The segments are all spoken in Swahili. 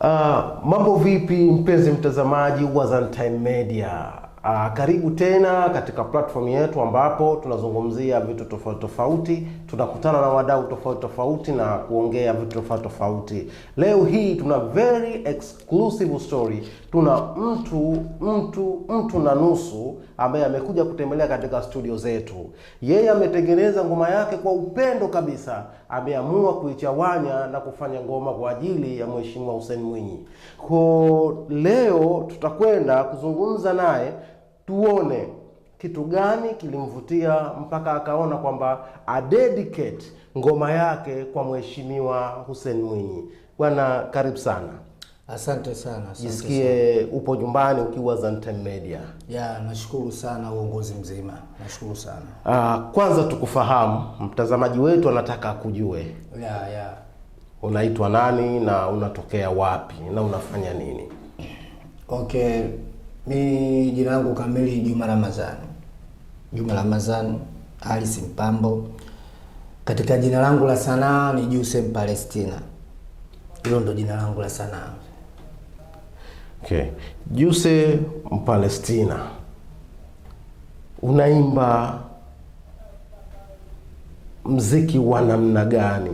Uh, mambo vipi mpenzi mtazamaji wa Zantime Media? Uh, karibu tena katika platform yetu ambapo tunazungumzia vitu tofauti tofauti, tunakutana na wadau tofauti tofauti na kuongea vitu tofauti tofauti. Leo hii tuna very exclusive story. Tuna mtu mtu mtu na nusu ambaye amekuja kutembelea katika studio zetu. Yeye ametengeneza ngoma yake kwa upendo kabisa, ameamua kuichawanya na kufanya ngoma kwa ajili ya Mheshimiwa Hussein Mwinyi. Kwa leo tutakwenda kuzungumza naye tuone kitu gani kilimvutia mpaka akaona kwamba adedicate ngoma yake kwa Mheshimiwa Hussein Mwinyi. Bwana, karibu sana. Asante sana, jisikie Upo nyumbani ukiwa Zantime Media. Ya, nashukuru sana uongozi mzima, nashukuru sana. Ah, kwanza tukufahamu, mtazamaji wetu anataka akujue ya, ya. Unaitwa nani na unatokea wapi na unafanya nini? Okay. Mi jina langu kamili Juma Ramadhan, Juma Ramadhan Alisi Mpambo. Katika jina langu la sanaa ni Juse Palestina, hilo ndo jina langu la sanaa. Okay. Juse Mpalestina, unaimba mziki wa namna gani?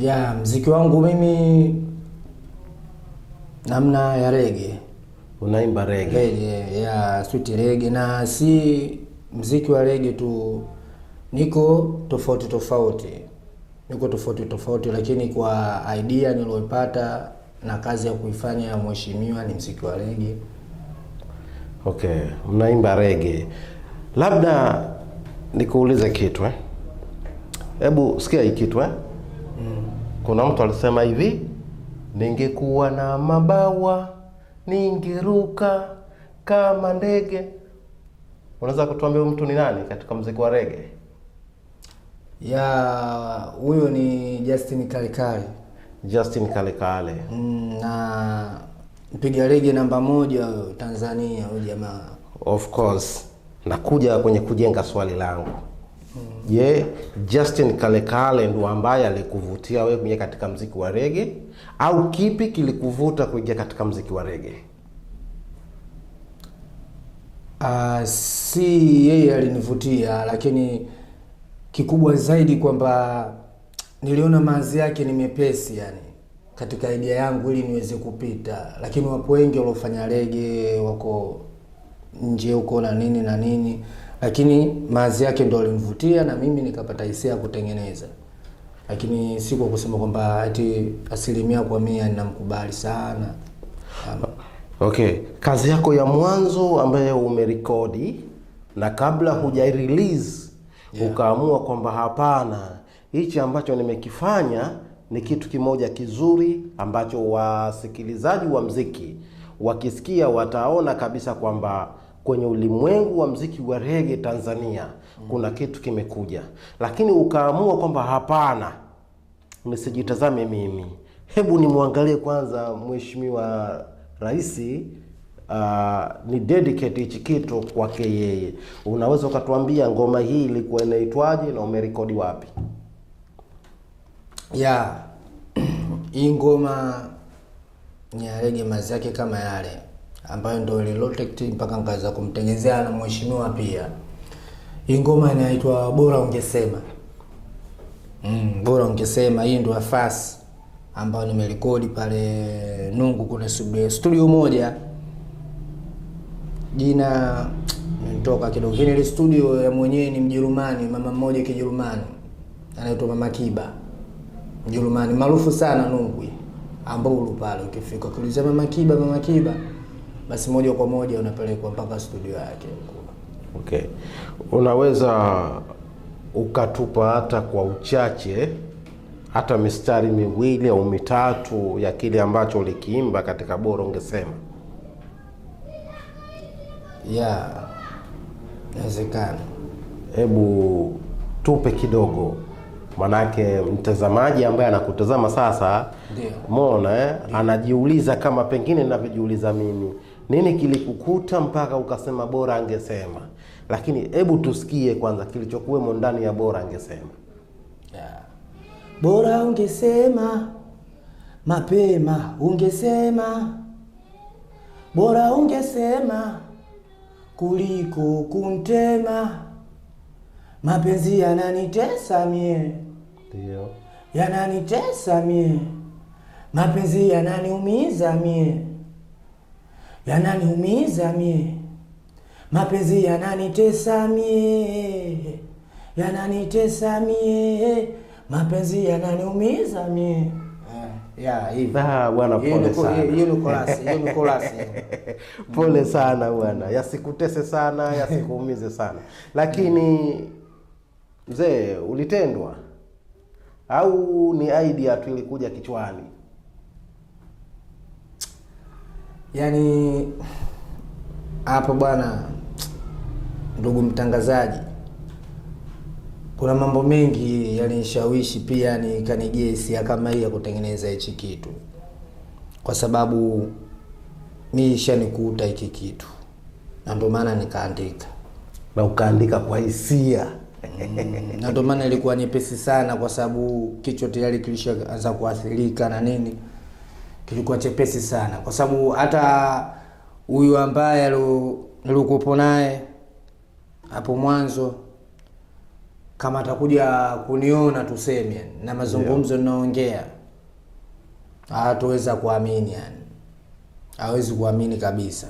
Ya mziki wangu mimi namna ya rege. Unaimba rege? Rege ya switi rege, na si mziki wa rege tu, niko tofauti tofauti, niko tofauti tofauti, lakini kwa idea niliyopata na kazi ya kuifanya ya mheshimiwa ni mziki wa rege. Okay, mnaimba rege, labda nikuulize kitu eh? Hebu sikia hii kitu eh? Mm. Kuna mtu alisema hivi Ningekuwa na mabawa ningeruka kama ndege. Unaweza kutuambia mtu ni nani katika mziki wa rege? Ya huyo ni Justin kalekale Justin Kalikale mm, na mpiga rege namba moja Tanzania huyo jamaa. Of course nakuja kwenye kujenga swali langu Je, Justin Kalekale ndo ambaye alikuvutia wewe kuingia katika mziki wa rege au kipi kilikuvuta kuingia katika mziki wa rege? Uh, ah, si yeye alinivutia, lakini kikubwa zaidi kwamba niliona maazi yake ni mepesi yani katika idea yangu ili niweze kupita, lakini wapo wengi waliofanya rege wako nje huko na nini na nini lakini maazi yake ndo alimvutia na mimi nikapata hisia ya kutengeneza, lakini si kwa kusema kwamba ati asilimia kwa mia ninamkubali sana um. Okay, kazi yako ya mwanzo ambayo umerekodi na kabla huja release yeah, ukaamua kwamba hapana, hichi ambacho nimekifanya ni kitu kimoja kizuri ambacho wasikilizaji wa mziki wakisikia wataona kabisa kwamba kwenye ulimwengu wa mziki wa rege Tanzania mm. kuna kitu kimekuja, lakini ukaamua kwamba hapana, nisijitazame mimi, hebu nimwangalie kwanza mheshimiwa rais Uh, ni dedicate hichi kitu kwake yeye. Unaweza ukatuambia ngoma hii ilikuwa inaitwaje na umerekodi wapi? ya hii ngoma ni ya rege mazake kama yale ambayo ndio ile Lotect mpaka nikaweza kumtengenezea na mheshimiwa pia. Hii ngoma inaitwa Bora Ungesema. Mm, Bora Ungesema, hii ndio afasi ambayo nimerekodi pale Nungu, kuna studio moja jina nitoka kidogo, lakini ile studio ya mwenyewe ni Mjerumani, mama mmoja Kijerumani anaitwa Mama Kiba, Mjerumani maarufu sana Nungwi ulu pale. Ukifika ukiulizia Mama Kiba, Mama Kiba basi moja kwa moja unapelekwa mpaka studio yake huko. Okay, unaweza ukatupa hata kwa uchache hata mistari miwili au mitatu ya kile ambacho ulikiimba katika bora ungesema? Yeah, inawezekana. Hebu tupe kidogo, manake mtazamaji ambaye anakutazama sasa, Mona eh, anajiuliza kama pengine ninavyojiuliza mimi nini kilikukuta mpaka ukasema bora angesema? Lakini hebu tusikie kwanza kilichokuwemo ndani ya bora angesema. Yeah. Bora ungesema mapema, ungesema bora, ungesema kuliko kuntema. Mapenzi yananitesa mie, yananitesa mie, mapenzi yananiumiza mie yananiumiza mie, mapenzi yananitesa mie, yananitesa mie, mapenzi yananiumiza mie Pole sana bwana, yasikutese sana, yasikuumize sana. Lakini mzee, ulitendwa au ni idea tu ilikuja kichwani? yani hapo bwana, ndugu mtangazaji, kuna mambo mengi yalinishawishi pia, ni kanijia hisia kama hii ya kutengeneza hichi kitu, kwa sababu mi ishanikuta hiki kitu, na ndio maana nikaandika. Na ukaandika kwa hisia mm, na ndio maana ilikuwa nyepesi sana, kwa sababu kichwa tayari kilishaanza kuathirika na nini tulikuwa chepesi sana, kwa sababu hata huyu ambaye nilikuwepo naye hapo mwanzo kama atakuja kuniona tuseme, na mazungumzo ninaongea, hatuweza kuamini, yani hawezi kuamini kabisa.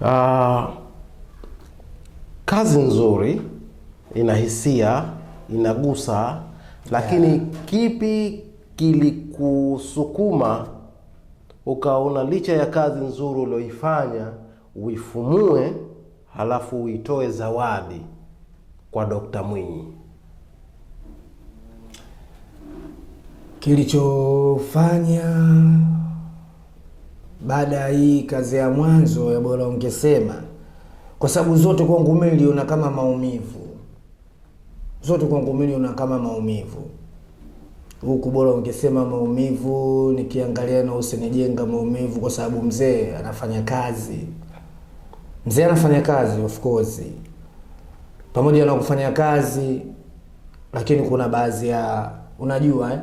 Uh, kazi nzuri, inahisia inagusa, lakini yeah. Kipi kili kukusukuma ukaona licha ya kazi nzuri ulioifanya uifumue, halafu uitoe zawadi kwa Dokta Mwinyi. Kilichofanya baada ya hii kazi ya mwanzo ya bora ungesema, kwa sababu zote kwangu mimi niliona kama maumivu, zote kwangu mimi niliona kama maumivu huku bora ungesema maumivu, nikiangalia na usinijenga maumivu, kwa sababu mzee anafanya kazi. Mzee anafanya kazi of course, pamoja na kufanya kazi, lakini kuna baadhi ya unajua eh?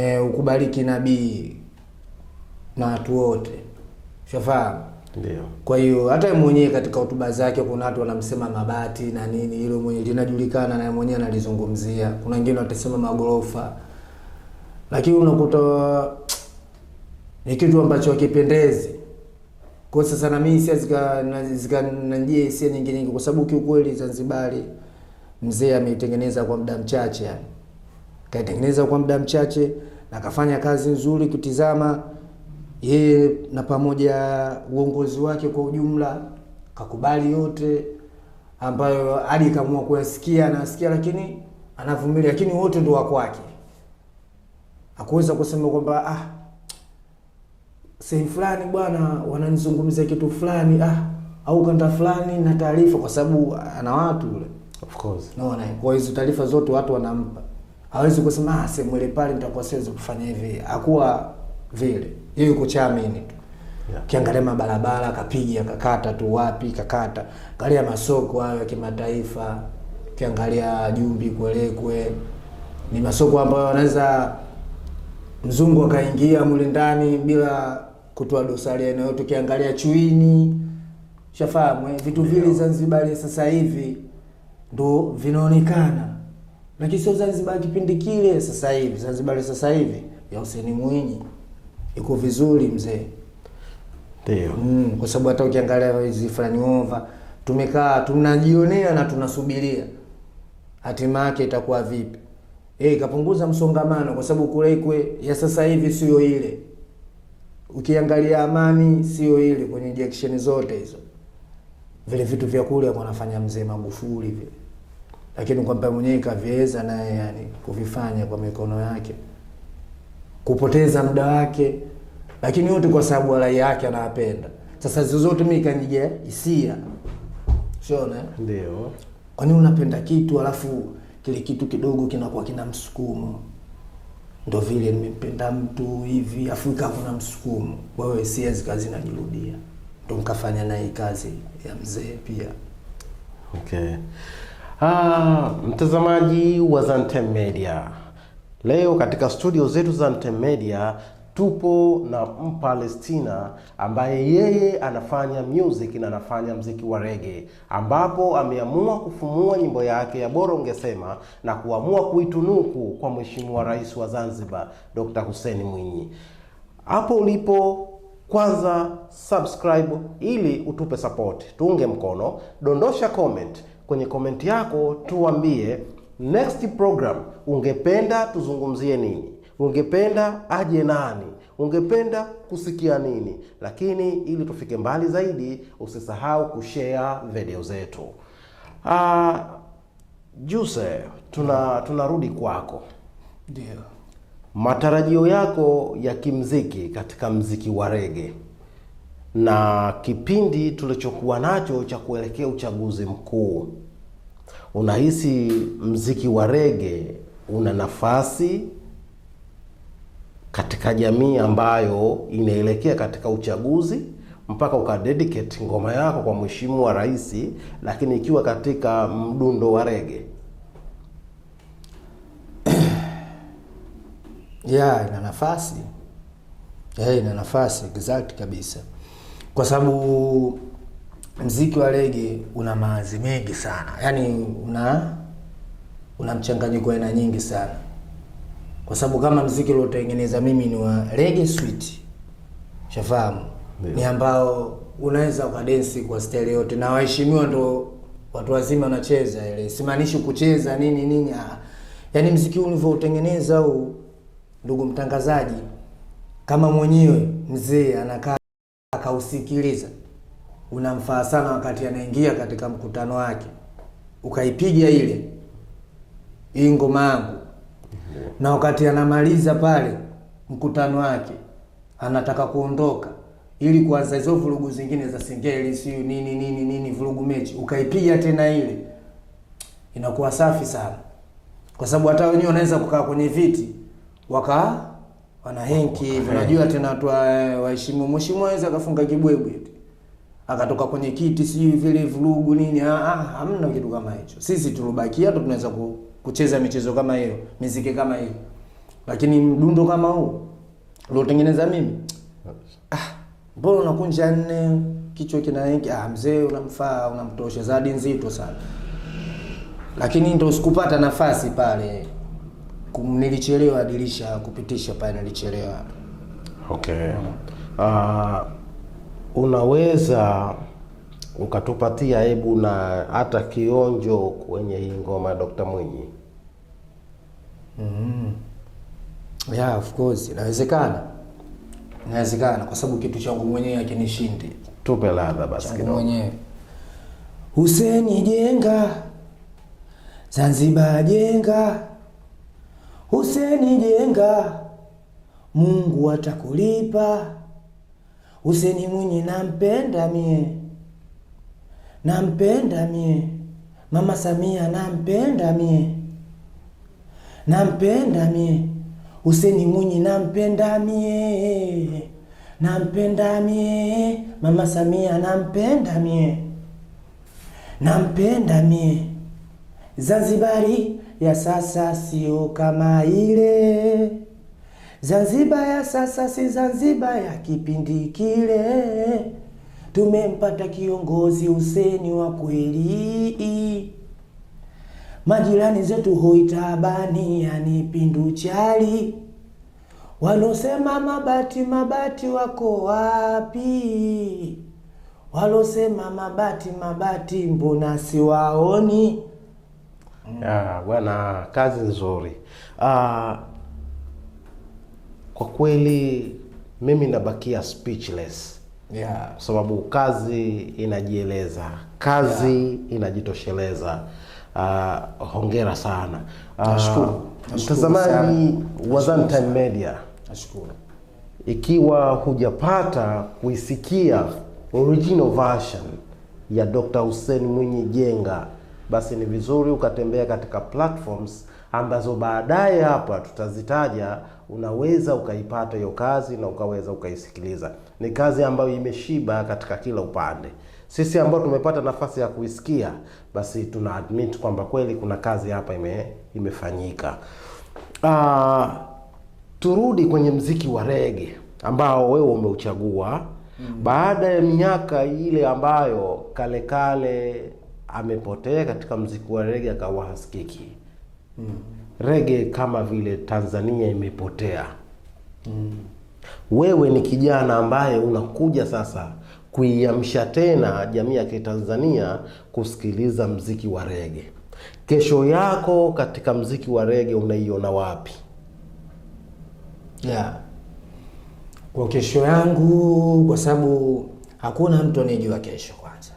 E, ukubariki nabii na watu wote shafahamu. Ndio. Kwa hiyo hata mwenyewe katika hotuba zake kuna watu wanamsema mabati na nini, hilo mwenyewe linajulikana na mwenyewe analizungumzia. Kuna wengine watasema magorofa, lakini unakuta ni kitu ambacho hakipendezi. Kwa sasa na mimi zika zikanijia hisia nyingi nyingi, kwa sababu kiukweli Zanzibari mzee ameitengeneza kwa muda mchache, yani kaitengeneza kwa muda mchache na kafanya kazi nzuri kutizama yeye na pamoja uongozi wake kwa ujumla, kakubali yote ambayo hadi kamua kuyasikia anasikia, lakini anavumilia, lakini wote ndio wa kwake hakuweza kusema kwamba ah, sehemu fulani bwana wananizungumzia kitu fulani ah, au kanda fulani na taarifa, kwa sababu ana watu ule of course no, na kwa hizo taarifa zote watu wanampa, hawezi kusema ah, sehemu ile pale nitakuwa siwezi kufanya hivi. Hakuwa vile, yeye yuko chaamini tu yeah. Kiangalia mabarabara kapiga kakata tu wapi kakata, angalia masoko hayo ya kimataifa, kiangalia Jumbi Kwelekwe ni masoko ambayo wanaweza mzungu akaingia mule ndani bila kutoa dosari eneo. Tukiangalia Chuini, shafahamu eh? vitu vile Zanzibar sasa hivi ndo vinaonekana, lakini sio Zanzibar kipindi kile. Sasa hivi Zanzibar sasa hivi ya Hussein Mwinyi iko vizuri mzee, ndio mm, kwa sababu hata ukiangalia hizi fulani over tumekaa tunajionea na tunasubiria hatima yake itakuwa vipi eh, kapunguza msongamano, kwa sababu kule Ikwe ya sasa hivi sio ile. Ukiangalia Amani sio ile, kwenye injection zote hizo vile vitu vya kule wanafanya mzee Magufuli vile, lakini kwamba mwenyewe kaviweza naye yani kuvifanya kwa mikono yake, kupoteza muda wake, lakini yote kwa sababu walai yake anawapenda. Sasa zozote mimi kanijia hisia, sio na ndio kwani unapenda kitu alafu kile kitu kidogo kinakuwa kina msukumo. Ndo vile nimempenda mtu hivi, Afrika kuna msukumo, kwa hiyo siezi kazi najirudia, ndo nikafanya naye kazi ya mzee pia. Okay. Ah, mtazamaji wa Zantime Media, leo katika studio zetu za Zantime Media tupo na Mpalestina ambaye yeye anafanya music na anafanya mziki wa rege, ambapo ameamua kufumua nyimbo yake ya bora ungesema na kuamua kuitunuku kwa Mheshimiwa Rais wa Zanzibar Dr. husen Mwinyi. Hapo ulipo kwanza subscribe ili utupe support, tuunge mkono, dondosha comment kwenye comment yako, tuambie next program ungependa tuzungumzie nini ungependa aje nani, ungependa kusikia nini. Lakini ili tufike mbali zaidi, usisahau kushea video zetu. Uh, Juse, tuna tunarudi kwako, ndio matarajio yako ya kimziki katika mziki wa rege na kipindi tulichokuwa nacho cha kuelekea uchaguzi mkuu, unahisi mziki wa rege una nafasi katika jamii ambayo inaelekea katika uchaguzi mpaka ukadedicate ngoma yako kwa mheshimiwa rais, lakini ikiwa katika mdundo wa rege yeah, ina nafasi yeah, ina nafasi exact kabisa, kwa sababu mziki wa rege una maazi mengi sana, yaani una una mchanganyiko aina nyingi sana kwa sababu kama mziki uliotengeneza mimi ni wa reggae sweet, shafahamu ni ambao unaweza ukadensi kwa stele yote, na waheshimiwa ndo watu wazima wanacheza ile, simaanishi kucheza nini nini. Ah, yani mziki ulivyoutengeneza au, ndugu mtangazaji, kama mwenyewe mzee anakaa akausikiliza, unamfaa sana wakati anaingia katika mkutano wake, ukaipiga ile hii ngoma yangu na wakati anamaliza pale mkutano wake anataka kuondoka ili kuanza hizo vurugu zingine za singeli siyo nini nini nini, vurugu mechi ukaipiga tena ile, inakuwa safi sana, kwa sababu hata wenyewe wanaweza kukaa kwenye viti waka wana henki hivi, unajua tena watu waheshimu. mheshimu aweza akafunga kibwebwe akatoka kwenye kiti, siyo vile vurugu nini. Ah, ah, hamna kitu kama hicho. Sisi tulobakia tu tunaweza ku kucheza michezo kama hiyo, miziki kama hiyo, lakini mdundo kama huu uliotengeneza mimi, ah, mbona unakunja nne kichwa kinaengi? Ah, mzee unamfaa, unamtosha, zadi nzito sana, lakini ndio sikupata nafasi pale, nilichelewa dirisha kupitisha pale, nilichelewa. Okay. Uh, unaweza ukatupatia hebu na hata kionjo kwenye hii ngoma ya dokta Mwinyi. Mm. Yeah, of course inawezekana, inawezekana kwa sababu kitu changu mwenyewe akinishindi. Tupe ladha basi kidogo mwenyewe. Huseni jenga Zanzibar, jenga Huseni, jenga Mungu atakulipa. Huseni Mwinyi nampenda mie nampenda mie Mama Samia, nampenda mie, nampenda mie Huseni Mwinyi, nampenda mie, nampenda mie Mama Samia, nampenda mie, nampenda mie. Zanzibari ya sasa sio kama ile Zanzibar ya sasa si Zanzibar ya kipindi kile tumempata kiongozi useni wa kweli. Majirani zetu hoitabani, yani pindu chali, walosema mabati mabati wako wapi? Walosema mabati mabati mbona siwaoni? Bwana Kazi nzuri Uh, kwa kweli mimi nabakia speechless yeah. Sababu kazi inajieleza, kazi yeah. inajitosheleza. Uh, hongera sana ah, mtazamaji uh, wa Zantime Media. Nashukuru. Ikiwa hujapata kuisikia original version ya Dr. Hussein Mwinyi Jenga, basi ni vizuri ukatembea katika platforms ambazo baadaye hapa tutazitaja unaweza ukaipata hiyo kazi na ukaweza ukaisikiliza. Ni kazi ambayo imeshiba katika kila upande. Sisi ambao tumepata nafasi ya kuisikia, basi tuna admit kwamba kweli kuna kazi hapa ime, imefanyika. Uh, turudi kwenye mziki wa rege ambao wewe umeuchagua mm. Baada ya miaka ile ambayo Kalekale amepotea katika mziki wa rege akawa hasikiki mm rege kama vile Tanzania imepotea mm. Wewe ni kijana ambaye unakuja sasa kuiamsha tena jamii ya Kitanzania kusikiliza mziki wa rege. Kesho yako katika mziki wa rege unaiona wapi? Yeah. Kwa kesho yangu, kwa sababu hakuna mtu anayejua kesho kwanza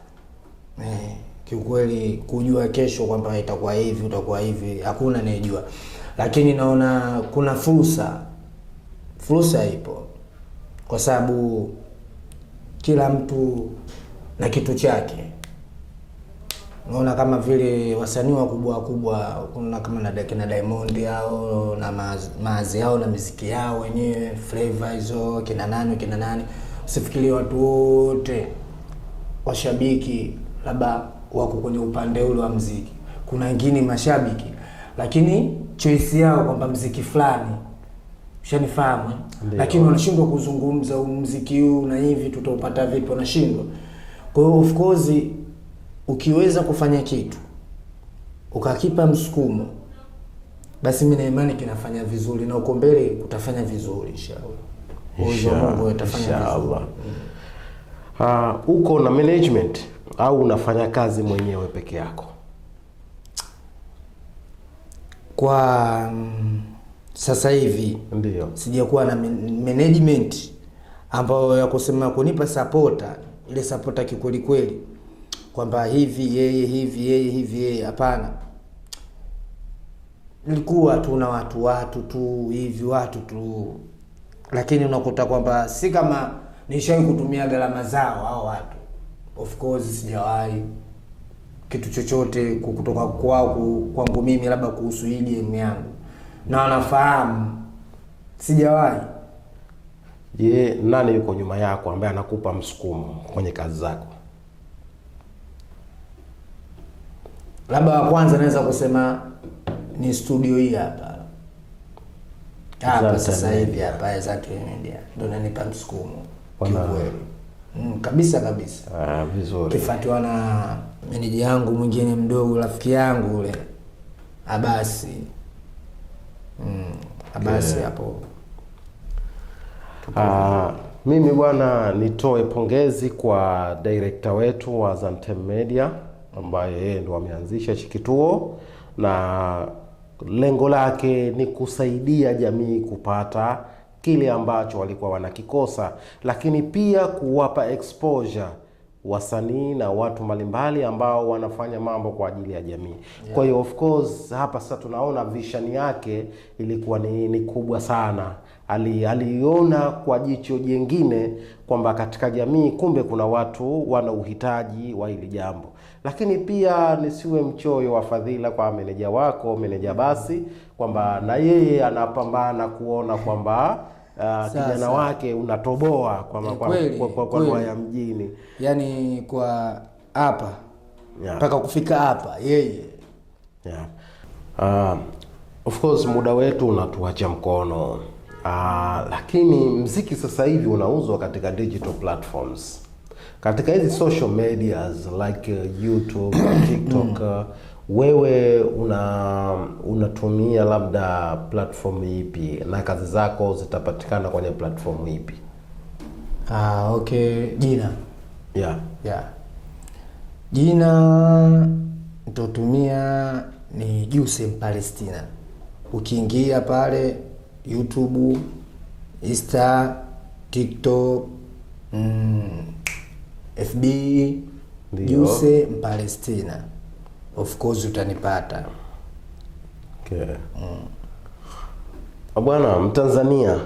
eh kiukweli kujua kesho kwamba itakuwa hivi utakuwa hivi, hakuna anayejua, lakini naona kuna fursa, fursa ipo, kwa sababu kila mtu na kitu chake. Naona kama vile wasanii wakubwa wakubwa, kuna kama na kina Diamond hao na maazi yao na miziki yao wenyewe, Flavor hizo kina nani kina nani, usifikirie watu wote washabiki labda wako kwenye upande ule wa mziki, kuna wengine mashabiki, lakini choice yao kwamba mziki fulani ushanifahamu, eh? lakini wanashindwa kuzungumza huu mziki huu na hivi tutaupata vipi, wanashindwa. Kwa hiyo of course ukiweza kufanya kitu ukakipa msukumo, basi mimi na imani kinafanya vizuri na uko mbele utafanya vizuri inshallah, inshallah. Mm. Uko na management au unafanya kazi mwenyewe peke yako? Kwa mm, sasa hivi ndio sijakuwa na management ambayo ya kusema kunipa sapota ile sapota kikweli kweli, kwamba hivi yeye hivi yeye hivi yeye, hapana. Nilikuwa tu na watu watu tu hivi watu tu, lakini unakuta kwamba si kama nishawahi kutumia gharama zao hao watu Of course sijawahi kitu chochote kutoka kwangu kwangu mimi, labda kuhusu hii game yangu, na wanafahamu sijawahi. Je, nani yuko nyuma yako ambaye anakupa msukumo kwenye kazi zako? Labda wa kwanza naweza kusema ni studio hii hapa hapa sasa hivi hapa, Zantime ndio nanipa msukumo kiukweli. Mm, kabisa kabisa. Ah, vizuri. na meneja yangu mwingine mdogo rafiki yangu ule Abasi. Mm, Abasi hapo. Yeah. Ah, mimi bwana nitoe pongezi kwa director wetu wa zantem Media ambaye yeye ndo ameanzisha hichi kituo na lengo lake ni kusaidia jamii kupata kile ambacho walikuwa wanakikosa, lakini pia kuwapa exposure wasanii na watu mbalimbali ambao wanafanya mambo kwa ajili ya jamii yeah. Kwa hiyo of course hapa sasa tunaona vision yake ilikuwa ni, ni kubwa sana ali, aliona kwa jicho jengine kwamba katika jamii kumbe kuna watu wana uhitaji wa hili jambo. Lakini pia nisiwe mchoyo wa fadhila kwa meneja wako, meneja basi, kwamba na yeye anapambana kuona kwamba Uh, kijana wake unatoboa kwa kwa kwa ya mjini, yani kwa hapa mpaka yeah, kufika hapa yeye yeah. Uh, of course muda wetu unatuacha mkono. Ah, lakini mziki sasa hivi unauzwa katika digital platforms, katika hizi social medias like uh, YouTube, TikTok uh, wewe una unatumia labda platform ipi na kazi zako zitapatikana kwenye platform ipi? Ah, okay, jina yeah. Yeah. Jina nitotumia ni Juice Palestina, ukiingia pale YouTube, Insta, TikTok, mm, FB Juse Mpalestina, of course utanipata. Okay. Mm. Bwana Mtanzania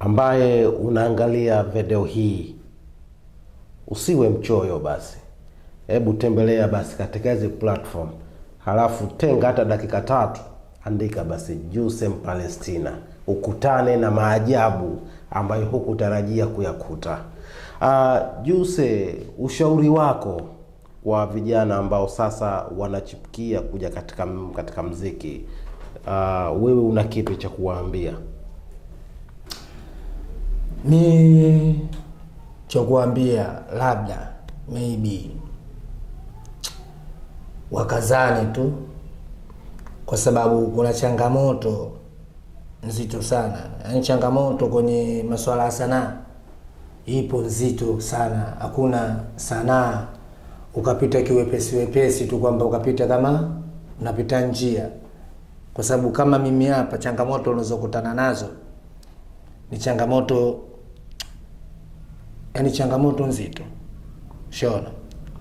ambaye unaangalia video hii usiwe mchoyo basi, hebu tembelea basi katika hizi platform, halafu tenga hata dakika tatu andika basi Juse Mpalestina, ukutane na maajabu ambayo hukutarajia kuyakuta. Uh, ah, Juse, ushauri wako kwa vijana ambao sasa wanachipukia kuja katika, katika mziki uh, wewe una kipi cha kuwaambia? Mi cha kuambia labda maybe wakazani tu kwa sababu kuna changamoto nzito sana, yaani changamoto kwenye masuala ya sanaa ipo nzito sana. Hakuna sanaa ukapita kiwepesi wepesi tu kwamba ukapita kama unapita njia, kwa sababu kama mimi hapa, changamoto unazokutana nazo ni changamoto yaani changamoto nzito shona.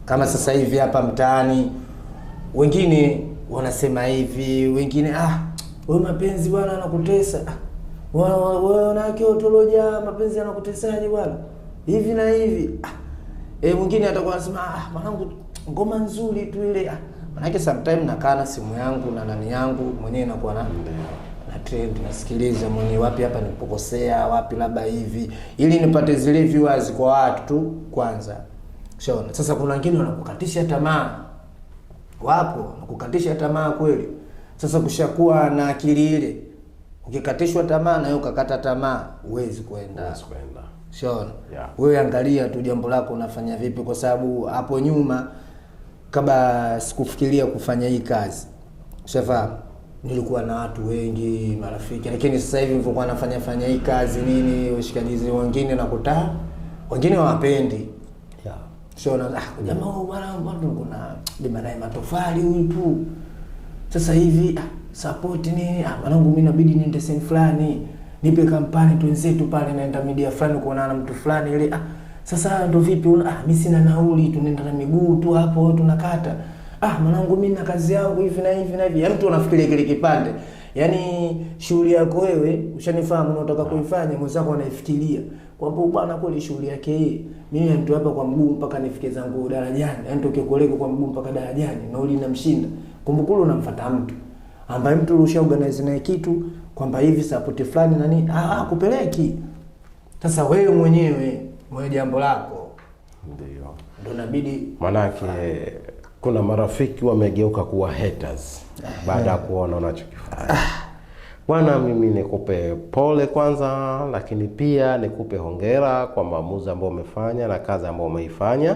Kama sasa hivi hapa mtaani wengine wanasema hivi, wengine ah, wewe mapenzi bwana anakutesa, ah, wewe wanawake otoloja, mapenzi anakutesaje bwana, hivi na hivi ah. E, mwingine atakuwa anasema ah, mwanangu ngoma nzuri tu ile ah. Manake sometime nakaa na simu yangu na nani yangu mwenyewe nakuwa na na trend nasikiliza mwenyewe, wapi hapa nipokosea wapi labda hivi, ili nipate zile viewers kwa watu tu kwanza. Shaona sasa, kuna wengine wanakukatisha tamaa wapo kukatisha tamaa kweli. Sasa kushakuwa na akili ile, ukikatishwa tamaa na ukakata tamaa, huwezi kwenda Shaona, yeah. Wewe angalia tu jambo lako unafanya vipi, kwa sababu hapo nyuma kabla sikufikiria kufanya hii kazi, ushafahamu, nilikuwa na watu wengi marafiki, lakini sasa hivi nilivyokuwa nafanya fanya hii kazi nini, washikaji wengine nakuta wengine wapendi sio na ah, jamaa huyu bwana bado kuna jamaa naye matofali huyu tu. Sasa hivi ah, support ni ah, mwanangu mimi inabidi niende sehemu fulani. Nipe kampani twenzetu pale naenda media fulani kuonana na mtu fulani ile ah, sasa ndo vipi una ah, mimi sina nauli tunaenda na miguu tu hapo tunakata. Ah, mwanangu mimi na kazi yangu hivi na hivi na hivi. Yaani tu unafikiria kile kipande. Yaani shughuli yako wewe ushanifahamu, unataka kuifanya, mwenzako anaifikiria kwamba bwana, kweli shughuli yake hii, mimi nitoe hapa kwa mguu mpaka nifike zangu darajani, yaani toke koleko kwa mguu mpaka darajani, na nauli namshinda. Kumbukulu unamfuata mtu ambaye mtu usha organize naye kitu kwamba hivi support fulani nani, ah, ah, kupeleki sasa wewe mwenyewe mwenye jambo lako ndio ndio inabidi, manake kuna marafiki wamegeuka kuwa haters baada ya kuona unachokifanya. Bwana, mimi nikupe pole kwanza, lakini pia nikupe hongera kwa maamuzi ambayo umefanya na kazi ambayo umeifanya,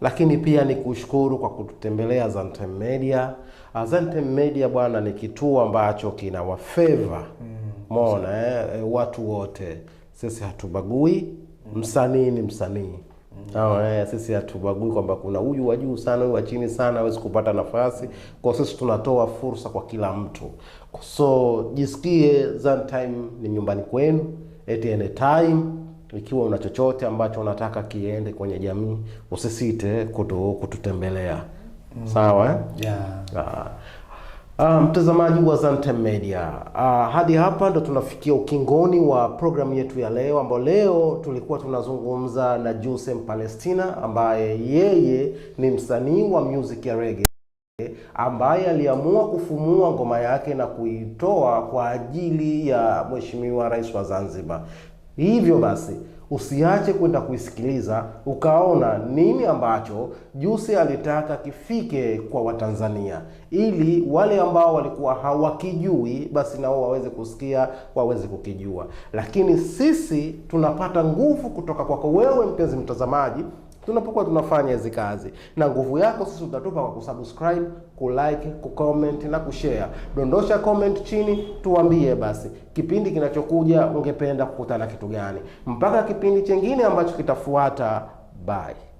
lakini pia nikushukuru kwa kututembelea Zantime Media. Ah, Zantime Media bwana, ni kituo ambacho kina wafeva mona mm. eh, eh, watu wote sisi hatubagui, mm. msanii ni msanii Sawa, eh, sisi hatubagui kwamba kuna huyu wa juu sana, huyu wa chini sana, hawezi kupata nafasi. Kwa sisi tunatoa fursa kwa kila mtu, so jisikie Zantime ni nyumbani kwenu at any time. Ikiwa una chochote ambacho unataka kiende kwenye jamii, usisite kutu, kututembelea. Mm. Sawa, eh? Yeah. Ah. Uh, mtazamaji wa Zantime Media. Uh, hadi hapa ndo tunafikia ukingoni wa programu yetu ya leo ambao leo tulikuwa tunazungumza na Juice Mpalestina ambaye yeye ni msanii wa music ya reggae ambaye aliamua kufumua ngoma yake na kuitoa kwa ajili ya Mheshimiwa Rais wa Zanzibar. Hivyo basi usiache kwenda kuisikiliza ukaona nini ambacho Juse alitaka kifike kwa Watanzania, ili wale ambao walikuwa hawakijui basi nao waweze kusikia, waweze kukijua. Lakini sisi tunapata nguvu kutoka kwako wewe mpenzi mtazamaji tunapokuwa tunafanya hizi kazi, na nguvu yako sisi utatupa kwa kusubscribe, kulike, kucomment na kushare. Dondosha comment chini, tuambie basi kipindi kinachokuja ungependa kukutana kitu gani. Mpaka kipindi chengine ambacho kitafuata, bye.